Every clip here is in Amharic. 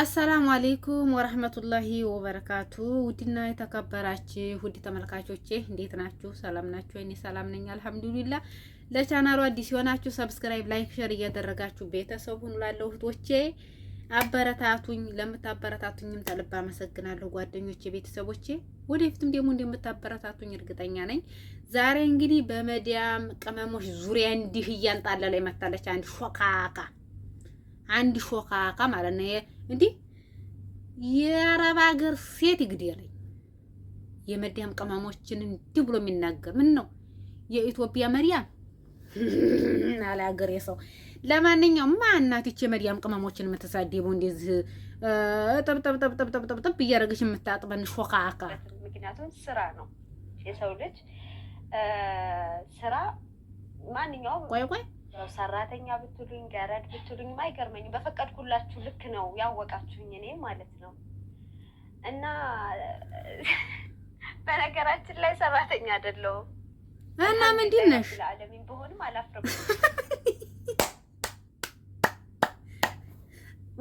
አሰላሙ አሌይኩም ወረህመቱላሂ ወበረካቱ። ውድና የተከበራችሁ ውድ ተመልካቾቼ እንዴት ናችሁ? ሰላም ናችሁ? እኔ ሰላም ነኝ አልሐምዱሊላ። ለቻናሉ አዲስ የሆናችሁ ሰብስክራይብ፣ ላይክ፣ ሸር እያደረጋችሁ ቤተሰብ ሁኑ። ላለው እህቶቼ አበረታቱኝ። ለምታበረታቱኝም ተልብ አመሰግናለሁ ጓደኞቼ፣ ቤተሰቦቼ ወደፊትም ደግሞ እንደምታበረታቱኝ እርግጠኛ ነኝ። ዛሬ እንግዲህ በመዳም ቅመሞች ዙሪያ እንዲህ እያንጣለ ላይ መታለች አንድ ሾካካ አንድ ሾካካ ማለት ነው እንዲህ የአረብ ሀገር ሴት ይግደለኝ። የመዲያም ቅመሞችን እንዲህ ብሎ የሚናገር ምን ነው? የኢትዮጵያ መሪያም አለ ሀገሬ ሰው። ለማንኛውም ማናት ይቺ የመዳም ቅመሞችን የምትሳደቡ እንደዚህ ጥብጥብጥብጥብጥብጥብ እያደረገች የምታጥበን ሾካካ። ምክንያቱም ስራ ነው የሰው ልጅ ስራ ማንኛውም ቆይ ቆይ ያው ሰራተኛ ብትሉኝ ገረድ ብትሉኝ አይገርመኝ በፈቀድኩላችሁ ልክ ነው ያወቃችሁኝ፣ እኔ ማለት ነው። እና በነገራችን ላይ ሰራተኛ አይደለሁም እና ምንድን ነሽ? ለዓለሚን በሆንም አላፍርም።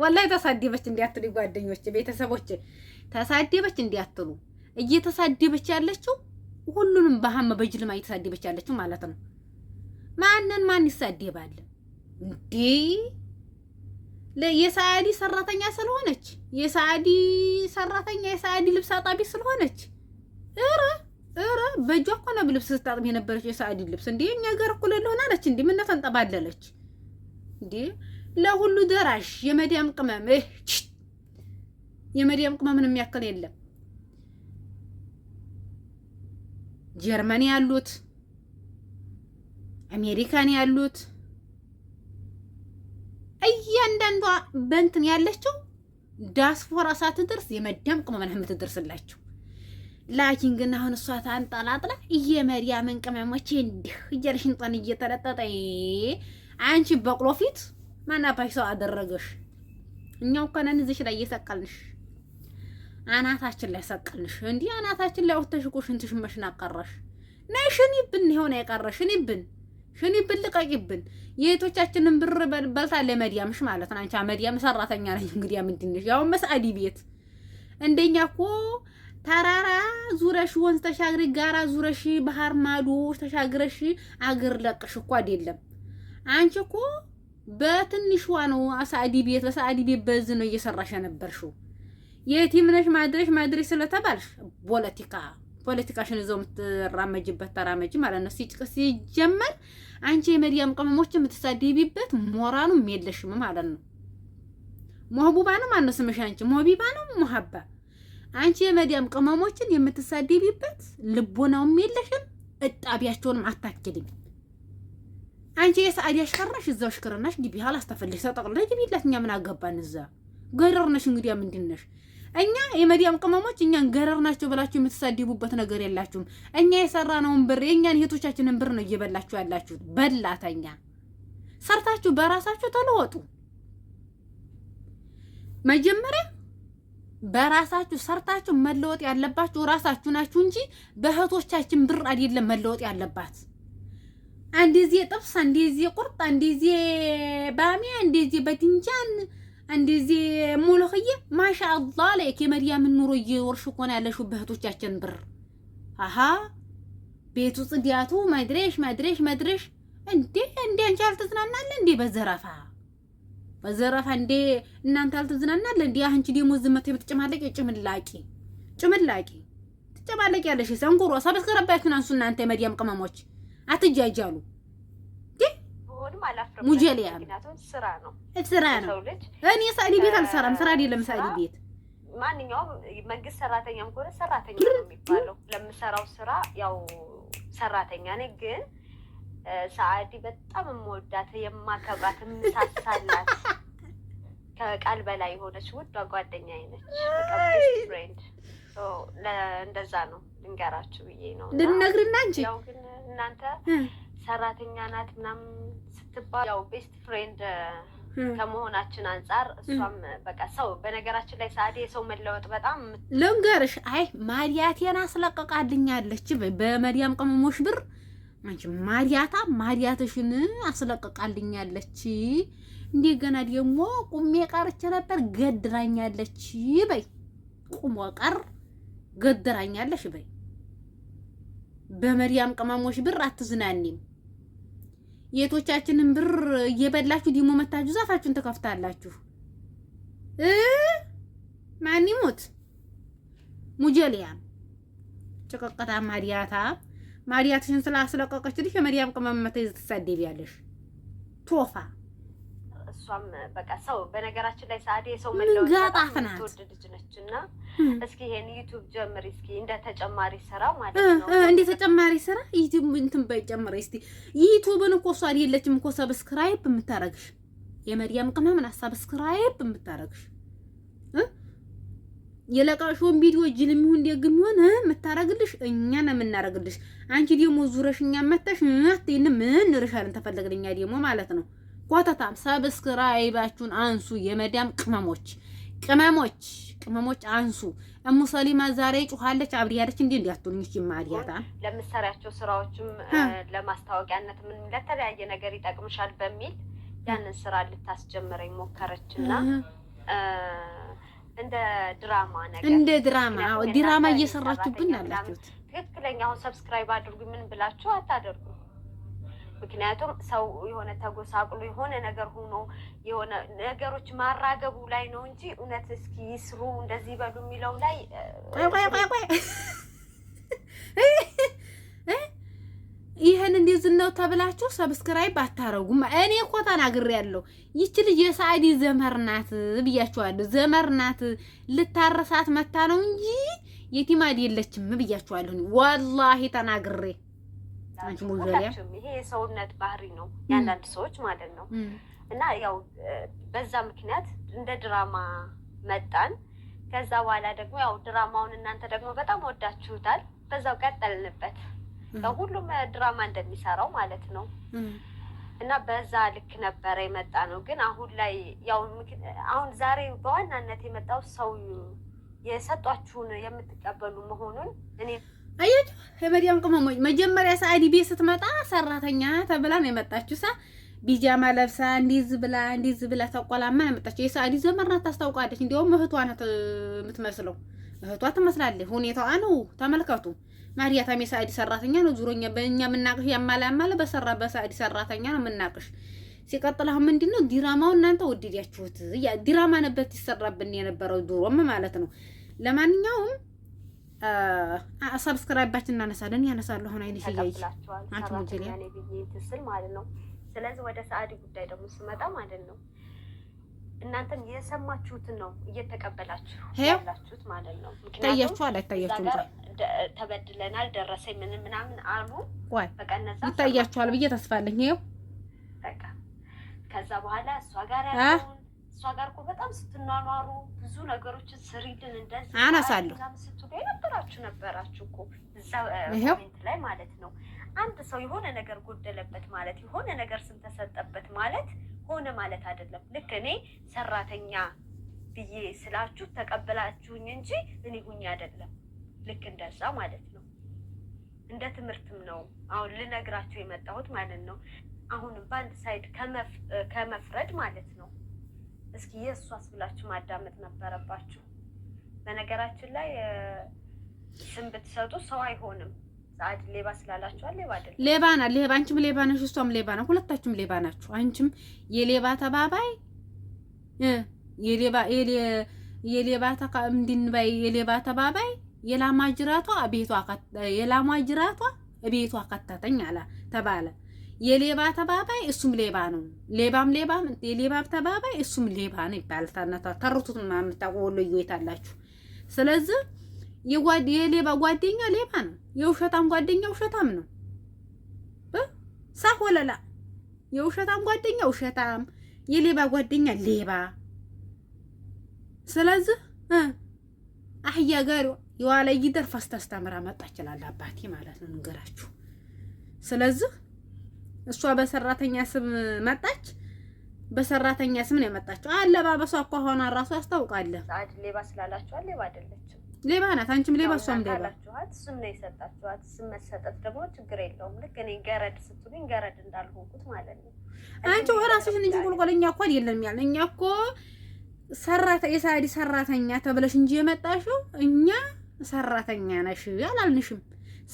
ወላይ ተሳደበች እንዲያትሉ ጓደኞች፣ ቤተሰቦች ተሳደበች እንዲያትሉ እየተሳደበች ያለችው ሁሉንም በሀመ በጅልማ እየተሳደበች ያለችው ማለት ነው። ማንን ማን ይሳደባል እንዴ? የሳዲ ሰራተኛ ስለሆነች የሳዲ ሰራተኛ የሳዲ ልብስ አጣቢ ስለሆነች እረ እረ በእጇ እኮ ነው ልብስ ስታጥብ የነበረች የሳዲ ልብስ እንዴ እኛ ጋር እኩል ሆናለች እንዴ ምን ተንጠባለለች እንዴ? ለሁሉ ደራሽ የመዲያም ቅመም እህ የመዲያም ቅመምን የሚያክል የለም። ጀርመን ያሉት አሜሪካን ያሉት እያንዳንዷ በእንትን ያለችው ዳስፖራ ሳትደርስ የመዳም ቅመመን የምትደርስላችሁ ላኪን ግን አሁን እሷ ታንጠላጥላ እየመዳምን ቅመሞች እንዲህ እያለሽ እንጧን እየተለጠጠ አንቺ በቅሎ ፊት ማናባሽ ሰው አደረገሽ። እኛው እኮ እዚሽ ላይ እየሰቀልንሽ አናታችን ላይ ሰቀልንሽ። እንዲህ አናታችን ላይ ወተሽ እኮ ሽንትሽ መሽን አቀረሽ ነሽን ይብን የሆነ የቀረሽን ይብን ሽኒ ብልቀቂብን የእህቶቻችንን ብር በልታ ለመዲያምሽ ማለት ነው። አንቺ መዲያም ሰራተኛ ነኝ እንግዲህ ምንድንሽ ያው መስአዲ ቤት እንደኛ እኮ ተራራ ዙረሽ ወንዝ ተሻግሪ ጋራ ዙረሽ ባህር ማዶ ተሻግረሽ አገር ለቅሽ እኮ አይደለም። አንቺ እኮ በትንሿ ነው አሳዲ ቤት በሳዲ ቤት በዝ ነው እየሰራሽ የነበርሽው የቲምነሽ ማድረሽ ማድረሽ ስለተባልሽ ፖለቲካ ፖለቲካሽን ይዘው የምትራመጅበት ተራመጅ ማለት ነው። ሲጭቅ ሲጀመር አንቺ የመዲያም ቅመሞች የምትሳደቢበት ሞራኑም የለሽም ማለት ነው። ሞህቡባ ነው ማለት ነው ስምሽ አንቺ ሞቢባ ነው ሞሀባ አንቺ የመዲያም ቅመሞችን የምትሳደቢበት ልቦናውም የለሽም። እጣቢያቸውንም አታክልኝ አንቺ የሰአድ ያሽከረሽ እዛው ሽክርናሽ ግቢ ሀላስ ተፈልሽ ግቢላት። ግቢ እኛ ምን አገባን እዛ ገረርነሽ እንግዲያ ምንድነሽ እኛ የመዲያም ቅመሞች እኛን ገረር ናቸው ብላችሁ የምትሳድቡበት ነገር የላችሁም። እኛ የሰራነውን ብር የእኛን እህቶቻችንን ብር ነው እየበላችሁ ያላችሁት። በላተኛ ሰርታችሁ በራሳችሁ ተለወጡ። መጀመሪያ በራሳችሁ ሰርታችሁ መለወጥ ያለባችሁ ራሳችሁ ናችሁ እንጂ በእህቶቻችን ብር አይደለም መለወጥ ያለባት። አንዴ ጥብስ፣ አንዴ ቁርጥ፣ አንዴ ባሚያ፣ አንዴ በድንጃን እንደዚህ ሞሎኽዬ ማሻ አላህ ላይክ ኑሮ እየወርሽ እኮን ያለሹ በእህቶቻችን ብር አሀ ቤቱ ጽዳቱ መድረሽ መድረሽ መድረሽ እንዴ እንዴ አንቺ አልተዝናናለ እንዴ በዘረፋ በዘረፋ እንዴ እናንተ አልተዝናናለ እንዴ አንቺ ደግሞ ዝመት የምትጨማለቂ ጭምላቂ ጭምላቂ ትጨማለቂ ያለሽ ሰንጉሮ ሰብስክራባችሁን አንሱ እናንተ የመድያም ቅመሞች አትጃጃሉ ሙጀሊያ ነው፣ ስራ ነው። እኔ ሳዕዲ ቤት አልሰራም። ስራ አይደለም ቤት ማንኛውም መንግስት ሰራተኛም ከሆነ ሰራተኛ ነው የሚባለው። ለምሰራው ስራ ያው ሰራተኛ ነኝ። ግን ሰአዲ በጣም የምወዳት የማከብራት፣ የምሳሳላት ከቃል በላይ የሆነች ጓደኛ ነች። እንደዛ ነው ልንገራችሁ ብዬ ነው ልነግርና እንጂ ያው ግን እናንተ ሰራተኛ ናት ምናምን ስትባል ያው ቤስት ፍሬንድ ከመሆናችን አንጻር እሷም በቃ ሰው በነገራችን ላይ ሰዓዴ የሰው መለወጥ በጣም ልንገርሽ፣ አይ ማዲያቴን አስለቀቃልኛለች በመዲያም ቅመሞች ብር አንቺ ማዲያታ ማዲያትሽን አስለቀቃልኛለች። እንደገና ደግሞ ቁሜ ቀርቼ ነበር ገድራኛለች በይ፣ ቁሞ ቀር ገድራኛለች በይ። በመዲያም ቅመሞች ብር አትዝናኒም። የቶቻችንን ብር እየበላችሁ ዲሞ መታችሁ ዛፋችሁን ትከፍታላችሁ። ማን ይሞት ሙጀሊያም ጭቀቀታ ማዲያታ ማዲያትሽን ስላስለቀቀች ስላስለቀቀችልሽ የመዲያም ቅመም መተይ ትሳደቢያለሽ ቶፋ እሷም በቃ ሰው በነገራችን ላይ ሰአዴ የሰው መለወጥ ልጅ ነች እና እስኪ ይሄን ዩቱብ ጀምሪ እስኪ እንደ ተጨማሪ ስራ ማለት ነው። እንደ ተጨማሪ ስራ ዩቱብ እንትን በጨምረ እስቲ ዩቱብን እኮ እሷ የለችም እኮ ሰብስክራይብ የምታረግሽ የመድያም ቅመምን ምን ሰብስክራይብ የምታረግሽ የለቃሽውን ቪዲዮ ጅልም ይሁን ደግም ይሁን የምታረግልሽ እኛ ነው የምናረግልሽ። አንቺ ደግሞ ዙረሽ እኛ መተሽ አትይንም ምን ርሻልን ተፈለግን እኛ ደግሞ ማለት ነው ኮተታም ሰብስክራይባችሁን አንሱ። የመዳም ቅመሞች ቅመሞች ቅመሞች አንሱ። እሙ ሰሊማ ዛሬ ጩኻለች አብዲያለች እንዴ እንዲያቱኝ እቺ ማዲያታ ለምትሰሪያቸው ስራዎችም ለማስታወቂያነት ምን ለተለያየ ነገር ይጠቅምሻል በሚል ያንን ስራ ልታስጀምረኝ ሞከረችና እንደ ድራማ ነገር እንደ ድራማ ድራማ እየሰራችሁብን አላችሁት። ትክክለኛ አሁን ሰብስክራይብ አድርጉ ምን ብላችሁ አታደርጉ ምክንያቱም ሰው የሆነ ተጎሳቅሎ የሆነ ነገር ሆኖ የሆነ ነገሮች ማራገቡ ላይ ነው እንጂ እውነት እስኪ ይስሩ እንደዚህ በሉ የሚለው ላይ ይህን እንደዚህ ነው ተብላችሁ ሰብስክራይብ አታረጉም። እኔ እኮ ያለው ይች ልጅ የሳዕዲ ዘመር ናት ብያችኋለሁ። ዘመር ናት ልታረሳት መታ ነው እንጂ የቲማድ የለችም ብያችኋለሁ። ወላሂ ተናግሬ ሁላችሁም ይሄ የሰውነት ባህሪ ነው የአንዳንድ ሰዎች ማለት ነው። እና ያው በዛ ምክንያት እንደ ድራማ መጣን። ከዛ በኋላ ደግሞ ያው ድራማውን እናንተ ደግሞ በጣም ወዳችሁታል። በዛው ቀጠልንበት። ሁሉም ድራማ እንደሚሰራው ማለት ነው እና በዛ ልክ ነበረ የመጣ ነው። ግን አሁን ላይ ያው አሁን ዛሬ በዋናነት የመጣው ሰው የሰጧችሁን የምትቀበሉ መሆኑን እኔ አያችሁ የመዲያም ቅመሞች መጀመሪያ ሰዓዲ ቤት ስትመጣ ሰራተኛ ተብላ ነው የመጣችሁ። ሳ ቢጃማ ለብሳ እንዲዝ ብላ እንዲዝ ብላ ተቆላማ ነው የመጣችሁ። የሰዓዲ ዘመድ ናት፣ ታስታውቃለች። እንዲያውም እህቷ ናት የምትመስለው፣ እህቷ ትመስላለች። ሁኔታዋ ነው ተመልከቱ። ማርያታም የሰዓዲ ሰራተኛ ነው። ዙሮኛ በእኛ የምናቅሽ ያማላማለ በሰራ በሰዓዲ ሰራተኛ ነው የምናቅሽ። ሲቀጥል አሁን ምንድን ነው ዲራማው እናንተ ወደዳችሁት? ዲራማ ነበር ሲሰራብን የነበረው ድሮም ማለት ነው። ለማንኛውም ሰብስክራይብ ሰብስክራይባችን እናነሳለን ያነሳሉ። አሁን አይነት እያይ አንቺ ብዬ ትስል ማለት ነው። ስለዚህ ወደ ሰአድ ጉዳይ ደግሞ ስመጣ ማለት ነው እናንተም የሰማችሁትን ነው እየተቀበላችሁ ያላችሁት ማለት ነው። ይታያችሁ አላይታያችሁም? ተበድለናል ደረሰኝ ምን ምናምን አሉ ወይ እነዛ ይታያችኋል ብዬ ተስፋ አለኝ። ይኸው በቃ ከዛ በኋላ እሷ ጋር ያለውን እሷ ጋር እኮ በጣም ስትኗኗሩ ብዙ ነገሮችን ስሪድን እንደዚህ አነሳለሁ እየጻፋችሁ ነበራችሁ እኮ እዛ ኮሜንት ላይ ማለት ነው። አንድ ሰው የሆነ ነገር ጎደለበት ማለት የሆነ ነገር ስም ተሰጠበት ማለት ሆነ ማለት አይደለም። ልክ እኔ ሰራተኛ ብዬ ስላችሁ ተቀበላችሁኝ እንጂ እኔ ሁኝ አይደለም። ልክ እንደዛ ማለት ነው። እንደ ትምህርትም ነው አሁን ልነግራችሁ የመጣሁት ማለት ነው። አሁንም በአንድ ሳይድ ከመፍረድ ማለት ነው። እስኪ የእሷስ ብላችሁ ማዳመጥ ነበረባችሁ። በነገራችን ላይ ስም ብትሰጡ ሰው አይሆንም። ሌባ ስላላችኋል ሌባ አንቺም ሌባ ነሽ፣ እሷም ሌባ ናት። ሁለታችሁም ሌባ ናችሁ። አንቺም የሌባ ተባባይ የሌባ የሌባ ተካ እንድንባይ የሌባ ተባባይ የላሟ ጅራቷ ቤቷ የላሟ ጅራቷ ቤቷ አካታተኝ አላ ተባለ። የሌባ ተባባይ እሱም ሌባ ነው። ሌባም ሌባም የሌባ ተባባይ እሱም ሌባ ነው ይባላል። ታናታ ተርቱት ምናምን የምታውቁ ወሎዬ ስለዚህ የሌባ ጓደኛ ሌባ ነው። የውሸታም ጓደኛ ውሸታም ነው። ሳህ ወለላ የውሸታም ጓደኛ ውሸታም፣ የሌባ ጓደኛ ሌባ። ስለዚህ አህያ ጋር የዋላ ይደር ፈስተስተምራ መጣ ይችላል አባቴ ማለት ነው ንገራችሁ። ስለዚህ እሷ በሰራተኛ ስም መጣች። በሰራተኛ ስም ነው የመጣችው። አለባበሷ እኮ ሆና ራሱ ያስታውቃል። ሌባ ስላላችሁ ሌባ አይደለችም። ሌባ ናት። አንቺም ሌባ እሷም ሌባ። እሱም ነው የሰጣችኋት። እሱም መሰጠት ደግሞ ችግር የለውም። ልክ እኔ ገረድ ስትሉኝ ገረድ እንዳልሆንኩት ማለት ነው። አንቺ ራስሽን እንጂ ቁልቁል እኛ እኮ አይደለም ያለ እኛ እኮ የሳዲ ሰራተኛ ተብለሽ እንጂ የመጣሽው እኛ ሰራተኛ ነሽ አላልንሽም።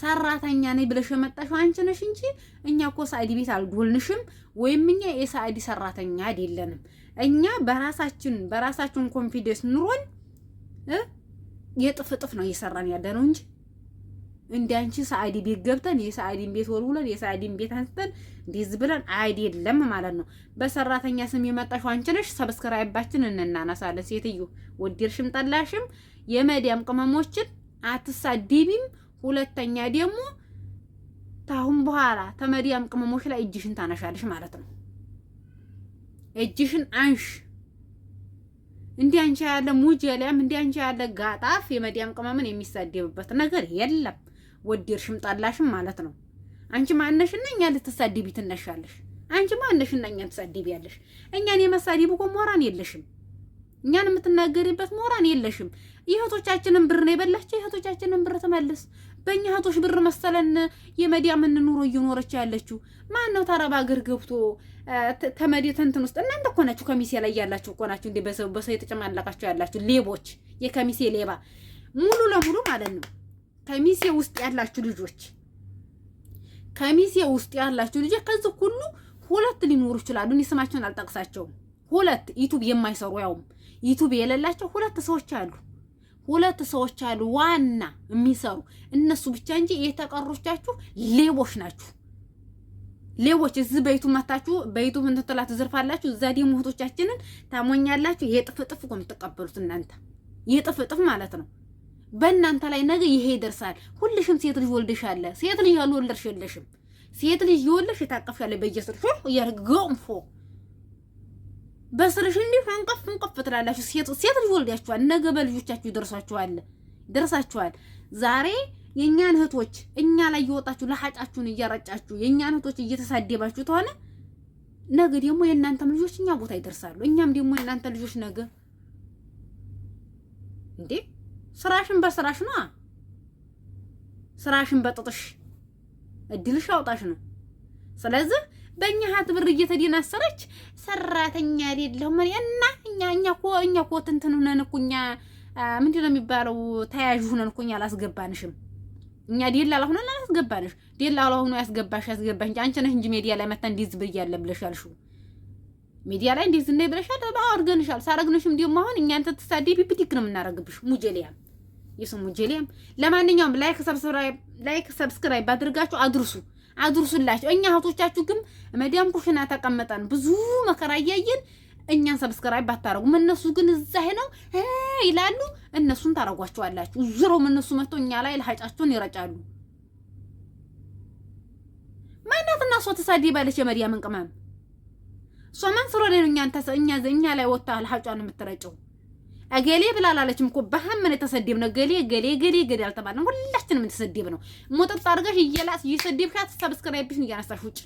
ሰራተኛ ነኝ ብለሽ የመጣሽው አንቺ ነሽ እንጂ እኛ እኮ ሳዲ ቤት አልጎልንሽም፣ ወይም እኛ የሳዲ ሰራተኛ አይደለንም። እኛ በራሳችን በራሳችን ኮንፊደንስ ኑሮን የጥፍ ጥፍ ነው እየሰራን ያለ ነው እንጂ እንደ ሰአዲ ቤት ገብተን የሰአዲን ቤት ወልውለን የሰአዲን ቤት አንስተን እንዲዝ ብለን አይደለም ማለት ነው። በሰራተኛ ስም የመጣሽው አንቺ ነሽ። ሰብስክራይባችን እንናናሳለን። ሴትዮ ወዲርሽም ጠላሽም የመዲያም ቅመሞችን አትሳደቢም። ሁለተኛ ደግሞ ታሁን በኋላ ተመዲያም ቅመሞች ላይ እጅሽን ታነሻለሽ ማለት ነው። እጅሽን አንሽ። እንዲህ አንቺ ያለ ሙጀለም እንዲህ አንቺ ያለ ጋጣፍ የመዲያም ቅመምን የሚሳደብበት ነገር የለም። ወደድሽም ጣላሽም ማለት ነው። አንቺ ማነሽና እኛ ልትሳደቢ ትነሻለሽ? አንቺ ማነሽና እኛ ያለሽ? እኛን የመሳደብ እኮ ሞራን የለሽም። እኛን የምትናገሪበት ሞራን የለሽም። የእህቶቻችንን ብር ነው የበላቸው። የእህቶቻችንን ብር ትመልስ። በእኛ እህቶች ብር መሰለን የመዲያምን ኑሮ እየኖረች ያለችው ማን ነው? ታረባ አገር ገብቶ ተመድ ተንትን ውስጥ እናንተ እኮ ናችሁ፣ ከሚሴ ላይ ያላችሁ እኮ ናችሁ። እንደ በሰው በሰው የተጨማለቃችሁ ያላችሁ ሌቦች፣ የከሚሴ ሌባ ሙሉ ለሙሉ ማለት ነው። ከሚሴ ውስጥ ያላችሁ ልጆች፣ ከሚሴ ውስጥ ያላችሁ ልጆች ከዚህ ሁሉ ሁለት ሊኖሩ ይችላሉ። እኔ ስማቸውን አልጠቅሳቸውም። ሁለት ዩቱብ የማይሰሩ ያውም ዩቱብ የሌላቸው ሁለት ሰዎች አሉ። ሁለት ሰዎች አሉ ዋና የሚሰሩ እነሱ ብቻ እንጂ የተቀሮቻችሁ ሌቦች ናችሁ። ሌቦች እዚህ በይቱ መታችሁ በይቱ እንትንትላ ትዘርፋላችሁ። እዛ ደግሞ እህቶቻችንን ታሞኛላችሁ። የጥፍጥፍ እኮ የምትቀበሉት እናንተ የጥፍጥፍ ማለት ነው። በእናንተ ላይ ነገ ይሄ ይደርሳል። ሁልሽም ሴት ልጅ ወልደሻለ። ሴት ልጅ ያልወለድሽ የለሽም። ሴት ልጅ የወለድሽ የታቀፍሻለ በየስር እያርገምፎ በስርሽ እንዲህ እንቅፍ እንቅፍ ትላላችሁ። ሴት ሴት ልጅ ወልዳችኋል፣ ነገ በልጆቻችሁ ይደርሳችኋል ይደርሳችኋል። ዛሬ የእኛን እህቶች እኛ ላይ እየወጣችሁ ለሀጫችሁን እያረጫችሁ የእኛን እህቶች እየተሳደባችሁ ተሆነ ነገ ደግሞ የእናንተም ልጆች እኛ ቦታ ይደርሳሉ። እኛም ደግሞ የእናንተ ልጆች ነገ እንዴ ስራሽን በስራሽ ነው ስራሽን በጥጥሽ እድልሽ አውጣሽ ነው። ስለዚህ በእኛ ሀት ብር እየተደናሰረች ሰራተኛ አይደለሁም እኔ እና እኛ እኛ እኮ እኛ እኮ ትንትን ሁነን እኮ እኛ ምንድን ነው የሚባለው ተያዥ ሁነን እኮ እኛ አላስገባንሽም። እኛ ዴላላ ሁነን አላስገባንሽ። ዴላላ ሁኖ ያስገባሽ ያስገባሽ እንጂ አንቺ ነሽ እንጂ ሜዲያ ላይ መታ እንዲዝ ብያለ ብለሻል። ሹ ሜዲያ ላይ እንዲዝ እንደ ብለሻል። ባው አድርገንሻል። ሳረግንሽም ደግሞ አሁን እኛ እንትን ትሳደቢ ብድግ ነው የምናረግብሽ። ሙጀሊያም የሱ ሙጀሊያም። ለማንኛውም ላይክ ሰብስክራይብ ላይክ ሰብስክራይብ አድርጋችሁ አድርሱ። አድርሱላቸው። እኛ እህቶቻችሁ ግን መዲያም ኩሽና ተቀመጠን ብዙ መከራ እያየን እኛን ሰብስክራይብ አታረጉም። እነሱ ግን እዛ ነው ይላሉ። እነሱን ታረጓቸዋላችሁ። ዙረውም እነሱ መጥቶ እኛ ላይ ልሀጫቸውን ይረጫሉ። ማናት እና እሷ ተሳድባለች። የመዲያምን ቅመም እሷ ማን ስለሆነ ነው እኛ ላይ ወታ ልሀጯን የምትረጨው? እገሌ ብላ ላለችም እኮ በሀምን የተሰደብን እገሌ ገሌ ገሌ ገሌ አልተባለም። ሁላችንም የተሰደብ ነው ሞጠጥ አድርገሽ እየላስ እየሰደብሻት ሰብስክራይብሽን እያነሳሽ ውጭ